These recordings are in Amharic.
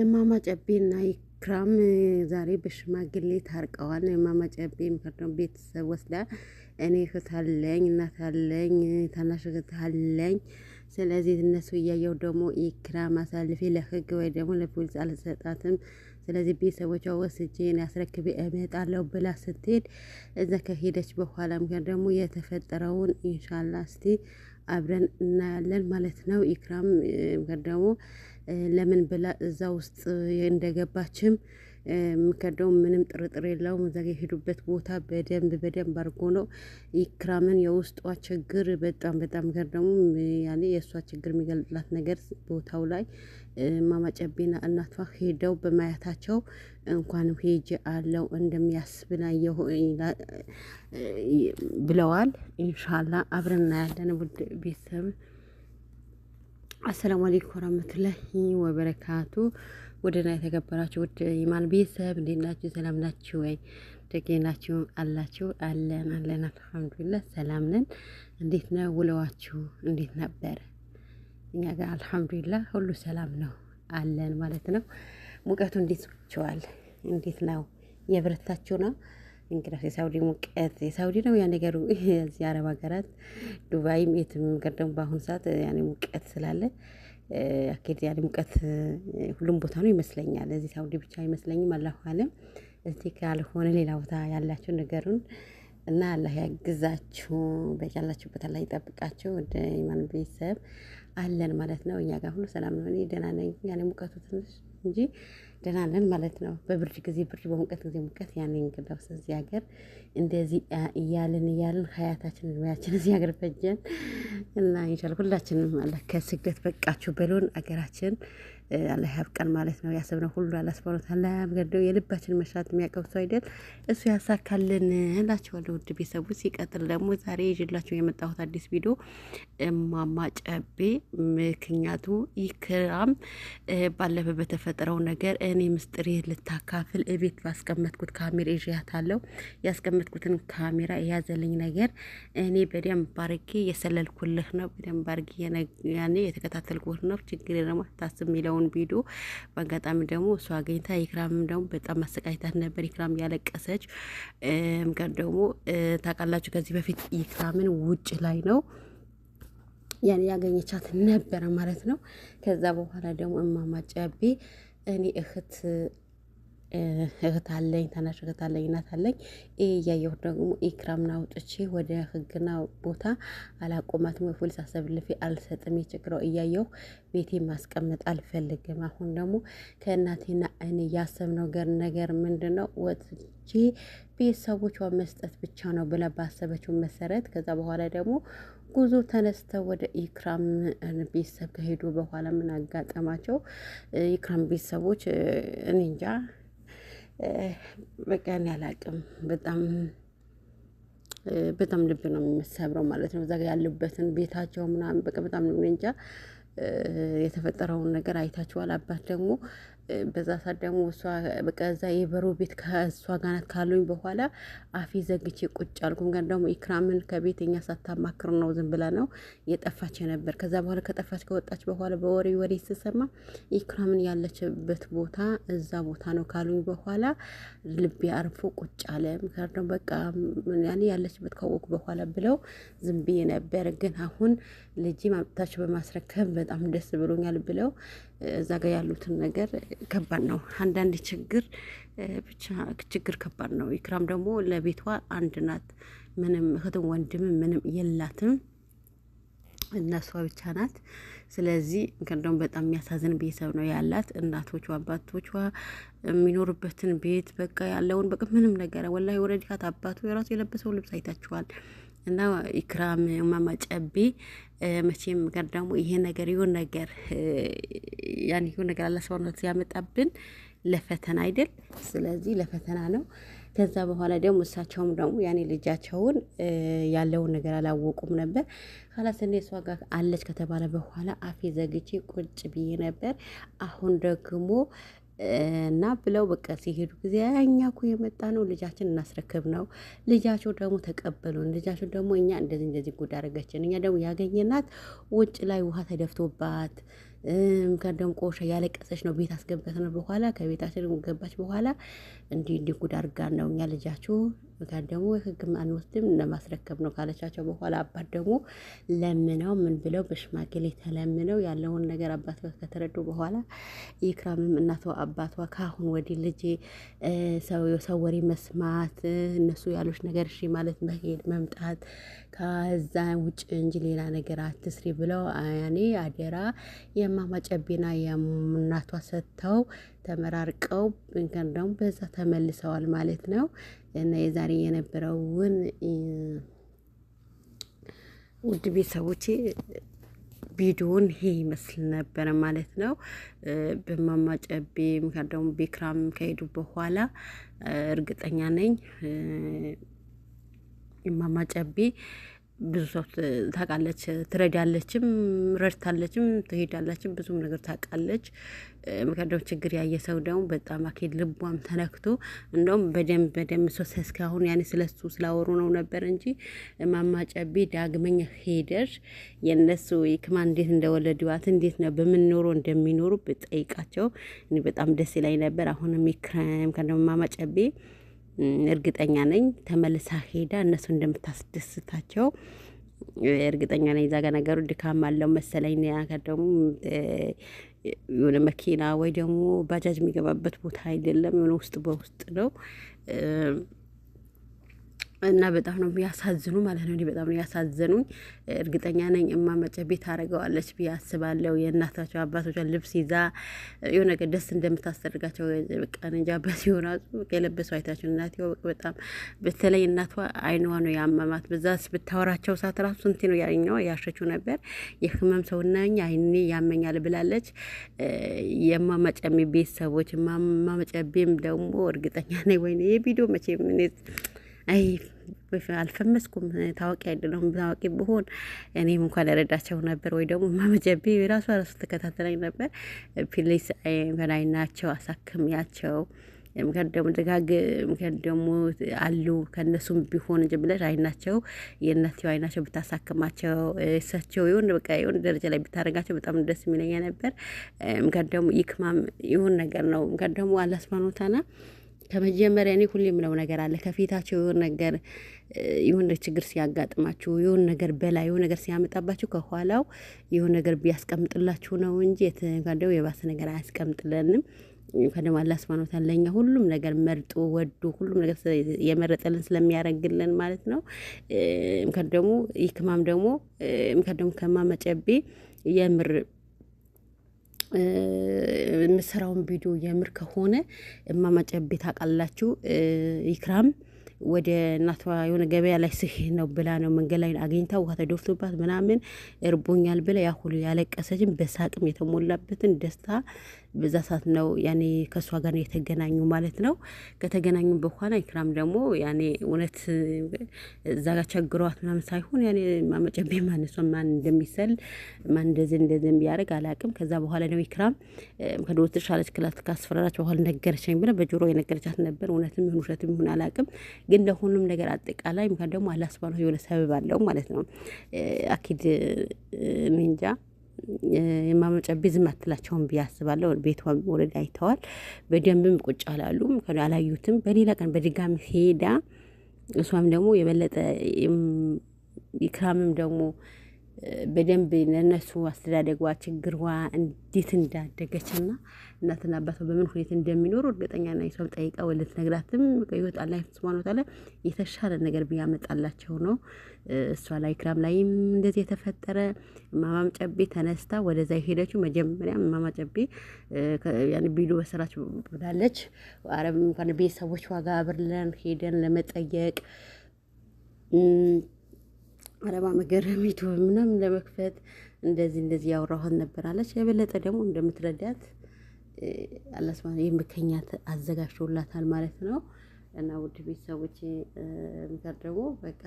እማማ ጨቤና ኢክራም ዛሬ በሽማግሌ ታርቀዋል። እማማ ጨቤ ምክንያቱም ቤተሰብ ወስዳ እኔ እህት አለኝ፣ እናት አለኝ፣ ታናሽ እህት አለኝ። ስለዚህ እነሱ እያየው ደግሞ ኢክራም አሳልፌ ለህግ ወይ ደግሞ ለፖሊስ አልሰጣትም። ስለዚህ ቤተሰቦቿ ወስጄ ያስረክቤ እመጣለሁ ብላ ስትሄድ እዛ ከሄደች በኋላ ምክንያት ደግሞ የተፈጠረውን ኢንሻላ እስቲ አብረን እናያለን ማለት ነው። ኢክራም ምክንያት ደግሞ ለምን ብላ እዛ ውስጥ እንደገባችም የምከደው ምንም ጥርጥር የለውም። እዛ የሄዱበት ቦታ በደንብ በደንብ አድርጎ ነው ኢክራምን የውስጧ ችግር በጣም በጣም ገር ደግሞ ያኔ የእሷ ችግር የሚገልጥላት ነገር ቦታው ላይ ማማጨቤና እናቷ ሄደው በማየታቸው እንኳንም ሄጅ አለው እንደሚያስብና ብለዋል። ኢንሻላ አብረን እናያለን ውድ ቤተሰብ አሰላሙ አለይኩም ወራህመቱላሂ ወበረካቱ። ወደና የተከበራችሁ ውድ ኢማን ቤተሰብ እንዴት ናችሁ? ሰላም ናችሁ ወይ? ደጌ ናችሁ አላችሁ? አለን አለን፣ አልሐምዱሊላህ ሰላም ነን። እንዴት ነው ውለዋችሁ? እንዴት ነበር እኛ ጋር አልሐምዱሊላህ ሁሉ ሰላም ነው አለን ማለት ነው። ሙቀቱ እንዴት ቸዋል? እንዴት ነው የብረታችሁ ነው? እንግዲህ የሳውዲ ሙቀት የሳውዲ ነው ያ ነገሩ። እዚህ አረብ ሀገራት ዱባይም የትም ነገር ደግሞ በአሁኑ ሰዓት ያኔ ሙቀት ስላለ አኬድ ያኔ ሙቀት ሁሉም ቦታ ነው ይመስለኛል። እዚህ ሳውዲ ብቻ አይመስለኝም። አላሁ አለም። እዚህ ካልሆነ ሌላ ቦታ ያላችሁ ነገሩን እና አላህ ያግዛችሁ፣ በያላችሁበት አላህ ይጠብቃችሁ። ወደ ኢማን ቤተሰብ አለን ማለት ነው። እኛ ጋር ሁሉ ሰላም ነው። እኔ ደህና ነኝ። ያኔ ሙቀቱ ትንሽ እንጂ ደህና ነን ማለት ነው። በብርድ ጊዜ ብርድ፣ በሙቀት ጊዜ ሙቀት። ያንን እንግዳውስ እዚህ ሀገር እንደዚህ እያልን እያልን ሀያታችን እድሜያችን እዚህ ሀገር ፈጀን እና ኢንሻላህ ሁላችንም አላህ ከስደት በቃችሁ በሎን አገራችን አላህ ያብቀን ማለት ነው። ያሰብነው ሁሉ አላህ ሱብሃነሁ ወተዓላ የልባችን መሻት የሚያቀብ ሰው አይደል እሱ ያሳካልን እላቸዋለሁ። ውድ ቤተሰቡ ሲቀጥል ደግሞ ዛሬ ይዤላችሁ የመጣሁት አዲስ ቪዲዮ እማማ ጨቤ ምክንያቱ ኢክራም ባለፈው በተፈጠረው ነገር እኔ ምስጢሬ ልታካፍል እቤት ባስቀመጥኩት ካሜራ ይዣታለሁ ያስቀመጥ ያስቀመጥኩትን ካሜራ የያዘልኝ ነገር እኔ በደንብ አድርጌ የሰለልኩልህ ነው። በደንብ ባርጌ ያኔ የተከታተልኩት ነው። ችግር ደግሞ ታስብ የሚለውን ቪዲዮ በአጋጣሚ ደግሞ እሱ አገኝታ ኢክራምም ደግሞ በጣም አሰቃይታት ነበር። ኢክራም ያለቀሰች ምቀር ደግሞ ታውቃላችሁ፣ ከዚህ በፊት ኢክራምን ውጭ ላይ ነው ያን ያገኘቻት ነበረ ማለት ነው። ከዛ በኋላ ደግሞ እማማ እኔ እህት እህት አለኝ ታናሽ እህት አለኝ እናት አለኝ። እያየሁ ደግሞ ኢክራምና አውጥቼ ወደ ህግና ቦታ አላቆማትም። ፖሊስ አሰብልፊ አልሰጥም። የችግረው እያየሁ ቤቴ ማስቀመጥ አልፈልግም። አሁን ደግሞ ከእናቴና እኔ ያሰብነው ነገር ምንድን ነው ወጥቼ ቤተሰቦቿ መስጠት ብቻ ነው ብለ ባሰበችው መሰረት ከዛ በኋላ ደግሞ ጉዞ ተነስተው ወደ ኢክራም ቤተሰብ ከሄዱ በኋላ ምን አጋጠማቸው? ኢክራም ቤተሰቦች እኔ እንጃ በቃ እኔ አላቅም። በጣም በጣም ልብ ነው የሚሰብረው ማለት ነው። እዛ ጋ ያሉበትን ቤታቸው ምናምን በቃ በጣም ነው እንጃ የተፈጠረውን ነገር አይታችኋል። አባት ደግሞ በዛ ሳት ደግሞ እሷ በቃ እዛ የበሮ ቤት ከእሷ ጋር ካሉኝ በኋላ አፊ ዘግቼ ቁጭ አልኩም። ግን ደግሞ ኢክራምን ከቤት እኛ ሳታማክር ነው ዝም ብላ ነው የጠፋች ነበር። ከዛ በኋላ ከጠፋች ከወጣች በኋላ በወሬ ወሬ ስሰማ ኢክራምን ያለችበት ቦታ እዛ ቦታ ነው ካሉኝ በኋላ ልቤ አርፎ ቁጭ አለ። ምክንያት ደግሞ በቃ ያኔ ያለችበት ካወቁ በኋላ ብለው ዝም ብዬ ነበር። ግን አሁን ልጅ ማምጣታቸው በማስረከብ በጣም ደስ ብሎኛል ብለው እዛ ጋር ያሉትን ነገር ከባድ ነው። አንዳንድ ችግር ብቻ ችግር ከባድ ነው። ኢክራም ደግሞ ለቤቷ አንድ ናት። ምንም እህትም ወንድምም ምንም የላትም እነሷ ብቻ ናት። ስለዚህ እንደውም በጣም የሚያሳዝን ቤተሰብ ነው ያላት። እናቶቿ አባቶቿ የሚኖርበትን ቤት በቃ ያለውን በቃ ምንም ነገር ወላሂ ወረዲካት አባቱ የራሱ የለበሰው ልብስ አይታችኋል። እና ኢክራም እማማ ጨቢ መቼም ጋር ደግሞ ይሄ ነገር ይሁን ነገር ያን ይሁን ነገር አላስባነት ያመጣብን ለፈተና አይደል? ስለዚህ ለፈተና ነው። ከዛ በኋላ ደግሞ እሳቸውም ደግሞ ያኔ ልጃቸውን ያለውን ነገር አላወቁም ነበር። ካላስ እኔ እሷ ጋር አለች ከተባለ በኋላ አፌ ዘግቼ ቁጭ ብዬ ነበር። አሁን ደግሞ እና ብለው በቃ ሲሄዱ ጊዜ እኛ እኮ የመጣ ነው ልጃችን እናስረክብ ነው። ልጃቸው ደግሞ ተቀበሉን። ልጃቸው ደግሞ እኛ እንደዚህ እንደዚህ ጉድ አደረገችን። እኛ ደግሞ ያገኘናት ውጭ ላይ ውሃ ተደፍቶባት ከደም ቆሻ ያለቀሰች ነው። ቤት አስገባትን። በኋላ ከቤታችን ገባች በኋላ እንዲህ እንዲህ ጉድ አድርጋን ነው እኛ ልጃችሁ ጋር ደግሞ ህግ አንወስድም ለማስረከብ ነው ካለቻቸው በኋላ አባት ደግሞ ለምነው ምን ብለው በሽማግሌ ተለምነው ያለውን ነገር አባት ከተረዱ በኋላ ኢክራምም እናቷ አባቷ ከአሁን ወዲህ ልጄ ሰው ወሬ መስማት እነሱ ያሉች ነገር እሺ ማለት መሄድ መምጣት ከዛ ውጭ እንጂ ሌላ ነገር አትስሪ ብለው ያኔ አደራ የማማ የእናቷ ሰጥተው ተመራርቀው እንከን ደግሞ በዛ ተመልሰዋል ማለት ነው። እና የዛሬ የነበረውን ውድ ቤተሰቦቼ ቪዲዮን ይሄ ይመስል ነበረ ማለት ነው። በማማጨቤ ምክንያት ደግሞ ቤክራም ከሄዱ በኋላ እርግጠኛ ነኝ እማማ ብዙ ሰው ታውቃለች፣ ትረዳለችም፣ ረድታለችም፣ ትሄዳለችም፣ ብዙም ነገር ታውቃለች። ምክንያቱም ችግር ያየ ሰው ደግሞ በጣም አኬድ ልቧም ተነክቶ እንደውም በደንብ በደንብ ሶ እስካሁን ያኔ ስለሱ ስላወሩ ነው ነበር እንጂ ማማጨቤ ዳግመኛ ሄደር የእነሱ ክማ እንዴት እንደወለድዋት እንዴት ነው በምንኖሮ እንደሚኖሩ ብጠይቃቸው በጣም ደስ ላይ ነበር። አሁንም ክረም ከደግሞ ማማጨቤ እርግጠኛ ነኝ ተመልሳ ሄዳ እነሱ እንደምታስደስታቸው እርግጠኛ ነኝ። እዛ ጋ ነገሩ ድካም አለው መሰለኝ። ነገር ደግሞ የሆነ መኪና ወይ ደግሞ ባጃጅ የሚገባበት ቦታ አይደለም፣ የሆነ ውስጥ በውስጥ ነው። እና በጣም ነው ያሳዝኑ ማለት ነው። በጣም ነው ያሳዘኑኝ። እርግጠኛ ነኝ እማመጨ ቤት አድርገዋለች ብዬ አስባለሁ። የእናታቸው አባቶቿ ልብስ ይዛ የሆነ ነገር ደስ እንደምታስደርጋቸው በቃ እንጃ። በሲሆና የለበሱ አይታቸው እናቴ በጣም በተለይ እናቷ አይንዋ ነው የአመማት በዛ ብታወራቸው ሰዓት ራሱ ስንቴ ነው ያኛው ያሸችው ነበር። የህመም ሰው ነኝ አይኔ ያመኛል ብላለች። የማመጨሚ ቤተሰቦች ቤም ደግሞ እርግጠኛ ነኝ ወይ የቪዲዮ መቼ አይ አልፈመስኩም። ታዋቂ አይደለሁም። ታዋቂ ብሆን እኔም እንኳን ያረዳቸው ነበር፣ ወይ ደግሞ ማመጀቤ ራሱ ራሱ ተከታተላኝ ነበር። ፕሊስ በላይናቸው አሳክሚያቸው። ምክንያቱ ደግሞ ደጋግ ምክንያቱ ደግሞ አሉ ከእነሱም ቢሆን እንጂ ብለሽ አይናቸው የእናትየው አይናቸው ብታሳክማቸው እሳቸው የሆን በቃ የሆን ደረጃ ላይ ብታደረጋቸው በጣም ደስ የሚለኛ ነበር። ምክንያቱ ደግሞ ይክማም ይሁን ነገር ነው። ምክንያቱ ደግሞ አላስማኖታና ከመጀመሪያ እኔ ሁሌ የምለው ነገር አለ። ከፊታቸው የሆን ነገር የሆነ ችግር ሲያጋጥማችሁ የሆን ነገር በላይ የሆን ነገር ሲያመጣባችሁ ከኋላው የሆን ነገር ቢያስቀምጥላችሁ ነው እንጂ የተጋደው የባሰ ነገር አያስቀምጥለንም። ከደም አላ ስማኖታ ለኛ ሁሉም ነገር መርጦ ወዶ ሁሉም ነገር የመረጠልን ስለሚያደርግልን ማለት ነው። ከደሞ ደግሞ ይህ ክማም ደግሞ ከደሞ ከማመጨቤ የምር የምሰራውን ቪዲዮ የምር ከሆነ እማማ አቃላችሁ ይክራም ወደ እናቷ የሆነ ገበያ ላይ ስሄድ ነው ብላ ነው መንገድ ላይ አግኝታ ውሃ ተደፍቶባት ምናምን እርቦኛል ብላ ያ ሁሉ ያለቀሰችን በሳቅም የተሞላበትን ደስታ በዛ ሰዓት ነው ያኔ ከእሷ ጋር የተገናኙ ማለት ነው። ከተገናኙ በኋላ ኢክራም ደግሞ ያኔ እውነት እዛ ጋር ቸግሯት ምናምን ሳይሆን ያኔ ማመጨቤ ማነሷ ማን እንደሚሰል ማን እንደዚህ እንደዚህ የሚያደርግ አላቅም። ከዛ በኋላ ደግሞ ኢክራም ከዶትር ሻለች ክላት ካስፈራራች በኋላ ነገረችኝ ብለ በጆሮ የነገረቻት ነበር። እውነትም ይሁን ውሸትም ይሁን አላቅም። ግን ለሁሉም ነገር አጠቃላይ ምክንያት ደግሞ አላህ ሱብሃነሁ የሆነ ሰበብ አለው ማለት ነው። አኪድ ምንጃ የማመጫ ቢዝም አትላቸውም ብዬ አስባለሁ። ቤቷ ወረድ አይተዋል፣ በደንብም ቁጭ አላሉ፣ አላዩትም። በሌላ ቀን በድጋሚ ሄዳ እሷም ደግሞ የበለጠ ኢክራምም ደግሞ በደንብ ለነሱ አስተዳደጓ ችግርዋ እንዴት እንዳደገች ና እናትና አባቷ በምን ሁኔታ እንደሚኖሩ እርግጠኛ ና የሰው ወለት ነግራትም ከህይወት ላይ ስማኖ ታለ የተሻለ ነገር ብያመጣላቸው ነው። እሷ ላይ ክራም ላይም እንደዚህ የተፈጠረ ማማም ጨቤ ተነስታ ወደዛ የሄደችው መጀመሪያ ማማ ጨቤ ቢሉ በሰራች ብላለች። አረብ እንኳን ቤተሰቦች ዋጋ አብርለን ሄደን ለመጠየቅ አረባ መገረም ዩቱብ ምናምን ለመክፈት እንደዚህ እንደዚህ ያወራኋት ነበራለች። የበለጠ ደግሞ እንደምትረዳት አላህ ሱብሃነሁ የምከኛት አዘጋጅቶላታል ማለት ነው። እና ውድ ቤተሰቦች ምክር ደግሞ በቃ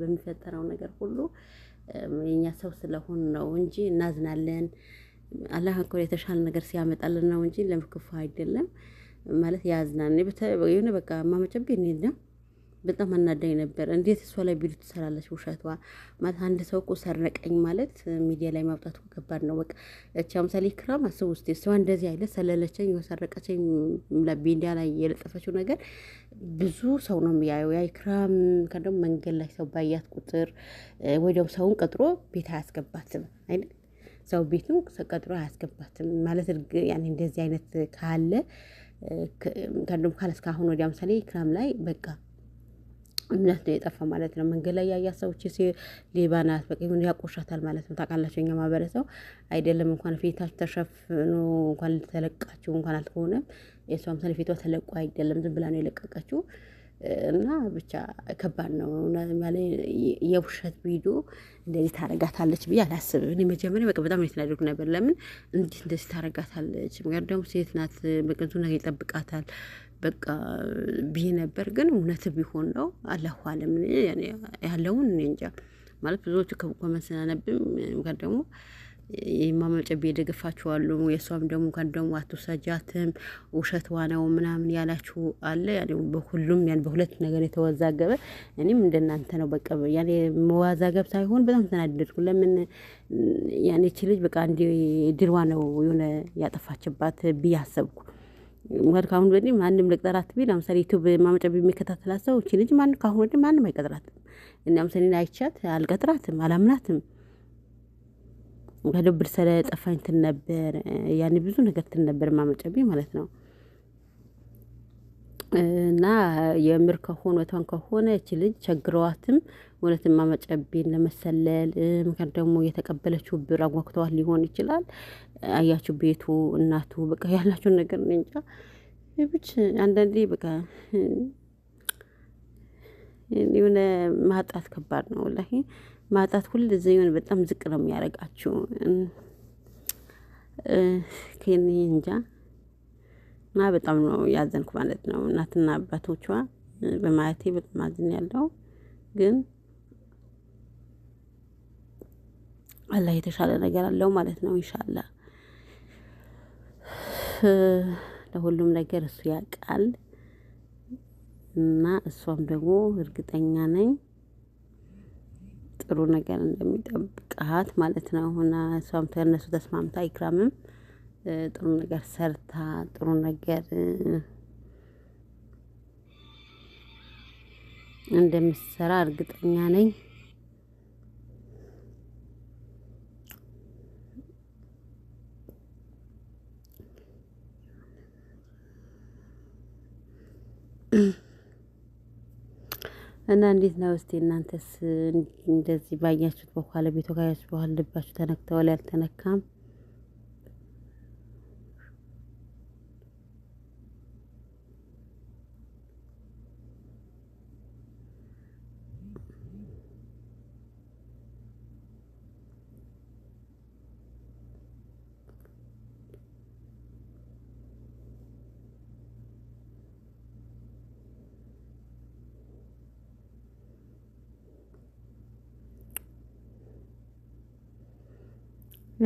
በሚፈጠረው ነገር ሁሉ የኛ ሰው ስለሆን ነው እንጂ እናዝናለን። አላህ እኮ የተሻለ ነገር ሲያመጣልን ነው እንጂ ለምክፉ አይደለም ማለት ያዝናል የሆነ በቃ ማመጨቤ ነው በጣም አናዳኝ ነበር። እንዴት እሷ ላይ ቪዲዮ ትሰራለች? ውሸቷ ማለት አንድ ሰው እኮ ሰረቀኝ ማለት ሚዲያ ላይ ማውጣት ከባድ ነው። በቃ እቺ ምሳሌ ክራም አስብ ውስጥ እሷ እንደዚህ አይነት ሰለለቸኝ ወሰረቀቸኝ ሚዲያ ላይ የለጠፈችው ነገር ብዙ ሰው ነው የሚያየው። ያ ክራም ከደግሞ መንገድ ላይ ሰው ባያት ቁጥር ወይ ደግሞ ሰውን ቀጥሮ ቤት አያስገባትም አይደል? ሰው ቤትም ቀጥሮ አያስገባትም ማለት ያኔ እንደዚህ አይነት ካለ ከደግሞ ካለ እስካሁን ወዲያ ምሳሌ ክራም ላይ በቃ እምነት ነው የጠፋ ማለት ነው። መንገድ ላይ ያያ ሰዎች ሌባ ናት በቃ ሆን ያቆሻታል ማለት ነው። ታውቃላችሁ እኛ ማህበረሰብ አይደለም እንኳን ፊታችሁ ተሸፍኖ እንኳን ተለቃችሁ እንኳን አልሆነም። የእሷም ምሳሌ ፊቷ ተለቆ አይደለም ዝም ብላ ነው የለቀቀችው። እና ብቻ ከባድ ነው የውሸት ቪዲዮ እንደዚህ ታረጋታለች ብዬ አላስብም። እኔ መጀመሪያ በቃ በጣም የተናደድኩ ነበር። ለምን እንዴት እንደዚህ ታረጋታለች? ምክንያቱ ደግሞ ሴት ናት፣ በቅንቱ ነገር ይጠብቃታል በቃ ብይ ነበር። ግን እውነት ቢሆን ነው አላሁ አለም ያለውን እኔ እንጃ ማለት ብዙዎቹ ከኮመንት ስናነብም እንኳን ደግሞ የማመጨ የደገፋችሁ አሉ። የእሷም ደግሞ ጋር ደግሞ አትወሳጃትም ውሸት ዋናው ምናምን ያላችሁ አለ። በሁሉም ያን በሁለት ነገር የተወዛገበ እኔም እንደናንተ ነው። በቃ ያኔ መዋዛገብ ሳይሆን በጣም ተናደድኩ። ለምን ያኔ እቺ ልጅ በቃ እንዲ ድርዋ ነው የሆነ ያጠፋችባት ብዬ አሰብኩ። ወድ ካሁን ወዲህ ማንም ልቅጠራት ቢል ለምሳሌ ዩቱብ ማመጫ የሚከታተላት ሰው እቺ ልጅ ማን ካሁን ወዲህ ማንም አይቀጥራትም። እናም ሰኔን አይቻት አልቀጥራትም፣ አላምናትም። ከድብል ስለጠፋኝ ትል ነበር ያኔ ብዙ ነገር ትል ነበር ማመጫ ማለት ነው። እና የምር ከሆነ ወቷን ከሆነ እች ልጅ ቸግረዋትም እውነትም መጨቤን ለመሰለል ምክር ደግሞ የተቀበለችው ብር አጓግተዋት ሊሆን ይችላል። አያችሁ ቤቱ እናቱ በቃ ያላችሁን ነገር እኔ እንጃ። ብች አንዳንዴ በቃ የሆነ ማጣት ከባድ ነው። ላ ማጣት ሁል ዚ የሆነ በጣም ዝቅ ነው የሚያደርጋችሁ። ከኔ እንጃ እና በጣም ነው ያዘንኩ ማለት ነው። እናትና አባቶቿ በማለቴ በጣም አዝን ያለው ግን አላህ የተሻለ ነገር አለው ማለት ነው። ኢንሻላ ለሁሉም ነገር እሱ ያውቃል እና እሷም ደግሞ እርግጠኛ ነኝ ጥሩ ነገር እንደሚጠብቃት ማለት ነው እና እሷም ተነሱ ተስማምታ ይክራምም ጥሩ ነገር ሰርታ ጥሩ ነገር እንደምትሰራ እርግጠኛ ነኝ። እና እንዴት ነው እስቲ እናንተስ እንደዚህ ባያችሁት በኋላ ቤቱ ካያችሁት በኋላ ልባችሁ ተነክተዋል? ያልተነካም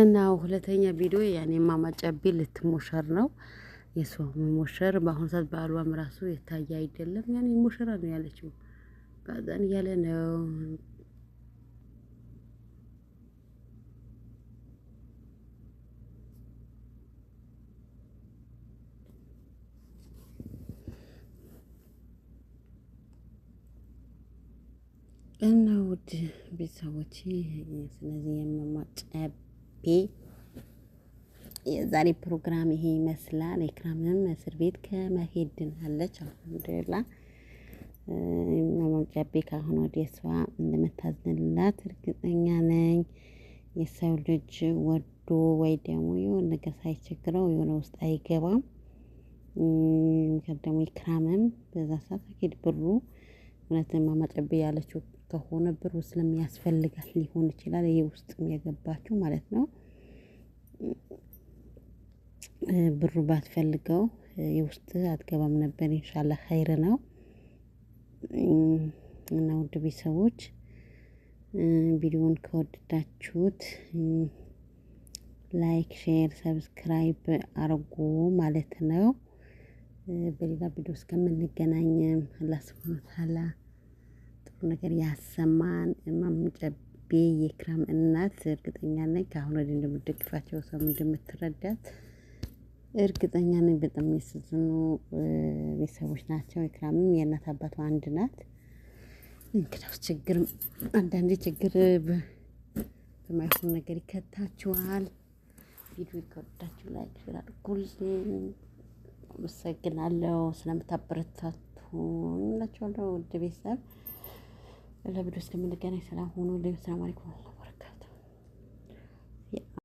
እና ሁለተኛ ቪዲዮ ያኔ እማማ ጨቤ ልትሞሸር ነው። የእሷ መሞሸር በአሁኑ ሰዓት በአልዋም ራሱ የታየ አይደለም። ያኔ ሞሸራ ነው ያለችው። ከዛን እያለ ነው እና ውድ ቤተሰቦቼ ስለዚህ የእማማ ጨቤ የዛሬ ፕሮግራም ይሄ ይመስላል። ኢክራምም እስር ቤት ከመሄድ ድናለች። አልሐምዱሊላ መሞጫቤ ካሁን ወደ ስዋ እንደምታዝንላት እርግጠኛ ነኝ። የሰው ልጅ ወዶ ወይ ደግሞ የሆነ ነገር ሳይቸግረው የሆነ ውስጥ አይገባም። ደግሞ ኢክራምም በዛ ሰዓት ብሩ እውነትን ማመጨቤ ያለችው ከሆነ ብሩ ስለሚያስፈልጋት ሊሆን ይችላል። ይሄ ውስጥም የገባችው ማለት ነው። ብሩ ባትፈልገው የውስጥ አትገባም ነበር። ኢንሻላ ኸይር ነው እና ውድ ቤተሰቦች ቪዲዮን ከወደዳችሁት ላይክ፣ ሼር፣ ሰብስክራይብ አርጎ ማለት ነው። በሌላ ቪዲዮ እስከምንገናኝ አላህ ስብሃነ ወተዓላ ነገር ያሰማን። እማም ጨቤ የክራም እናት እርግጠኛ ነኝ ከአሁን ወዲህ እንደምደግፋቸው ሰው እንደምትረዳት እርግጠኛ ነኝ። በጣም የሚያሳዝኑ ቤተሰቦች ናቸው። የክራምም የእናት አባቱ አንድ ናት። እንግዳው ችግር አንዳንዴ ችግር በማይሆን ነገር ይከታችኋል። ቪዲዮ ከወዳችሁ ላይክ ሼር አድርጉልኝ። አመሰግናለሁ ስለምታበረታቱ። ሁላችኋለሁ ውድ ቤተሰብ ለቪዲዮ እስከምንገናኝ ሰላም ሁኑ። ሰላም አለይኩም።